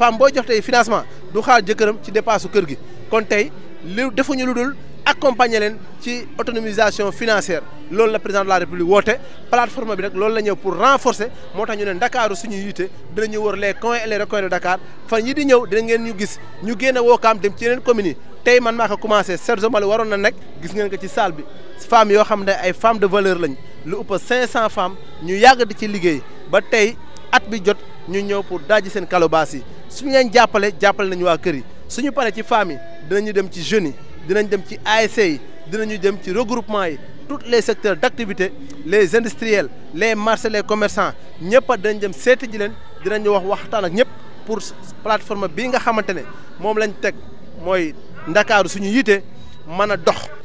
femme booy jox tey financement du xaar jëkkëram ci dépense kër gi kon tey lu defuñu lu dul accompagner leen ci autonomisation financière loolu la président de la république woote plateforme bi nag loolu la ñëw pour renforcer moo tax ñu ne ndakaaru suñu yitte dinañu wër les coins et les recoins de di ñëw dina ngeen ñu gis ñu génn wookaam dem ci yeneen communes yi tey man maa ko commencé Serge Mali waroon na nekk gis ngeen ko ci salle bi femmes yoo xam ne ay femmes de valeur lañ lu ëpp 500 femmes ñu yàgg di ci liggéey ba tey at bi jot ñu ñëw pour dajji seen calebasse yi. Si nous avons jàppale nañu nous kër yi suñu nous ci femmes dinañu dem jeunes yi dinañ dem ci ASC yi regroupement tous les secteurs d'activité les industriels les marchés les commerçants nous allons dem seeti ji leen dinañu wax pour plateforme bii nga xamante ne lañ suñu